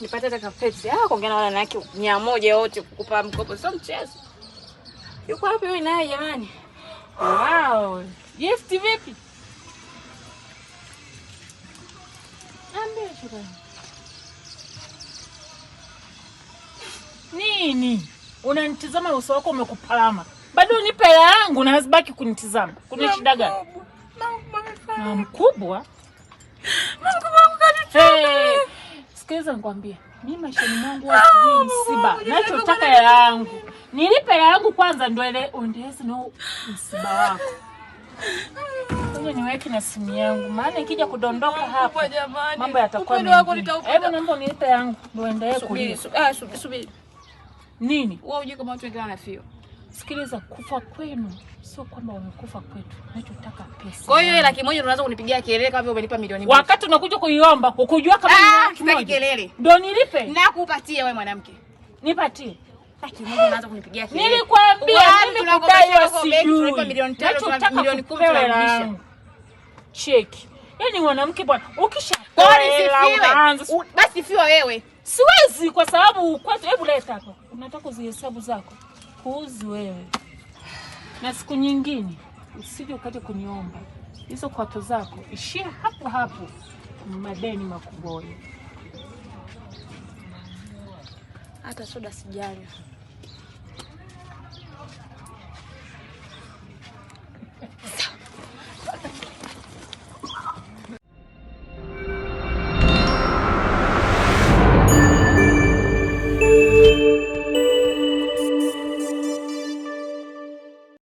nipate hata kafeti. ah, kuongea na wanawake mia moja wote kukupa mkopo sio mchezo. Yuko wapi wewe naye jamani? Wow, TV vipi? Ambe shukrani nini? Unanitizama, uso wako umekupalama. Bado nipe hela yangu na hazibaki kunitizama. Kuna shida gani? Ah, mkubwa naweza nikwambie, mimi maishani mwangu ah, msiba, nachotaka hela yangu nilipe hela yangu kwanza, ndio ile ondezi no msiba wako Ngoja niweke na simu yangu, maana ikija kudondoka hapa mambo yatakuwa mengi. Hebu naomba unipe yangu ndio endelee kulipa. Ah, subiri, Nini? Wewe uje kama watu wengine wanafio. Sikiliza, kufa kwenu sio kwamba wamekufa kwetu, nachotaka pesa. Kwa hiyo laki moja unaanza kunipigia kelele kama umenipa milioni moja, wakati unakuja kuiomba kukujua kama ah, sitaki kelele. Ndio nilipe na kupatie wewe mwanamke, nipatie laki moja unaanza kunipigia kelele. Nilikwambia mimi kudai sijui milioni tatu milioni kumi tunarudisha cheki. yani mwanamke bwana, ukisha kwani sifiwe basi fiwa wewe, siwezi kwa sababu kwetu. Hebu leta hapa, unataka uzihesabu zako sikuuzi wewe, na siku nyingine usije ukaja kuniomba hizo kwato zako, ishia hapo hapo madeni makubwa. Hata soda sijanywa.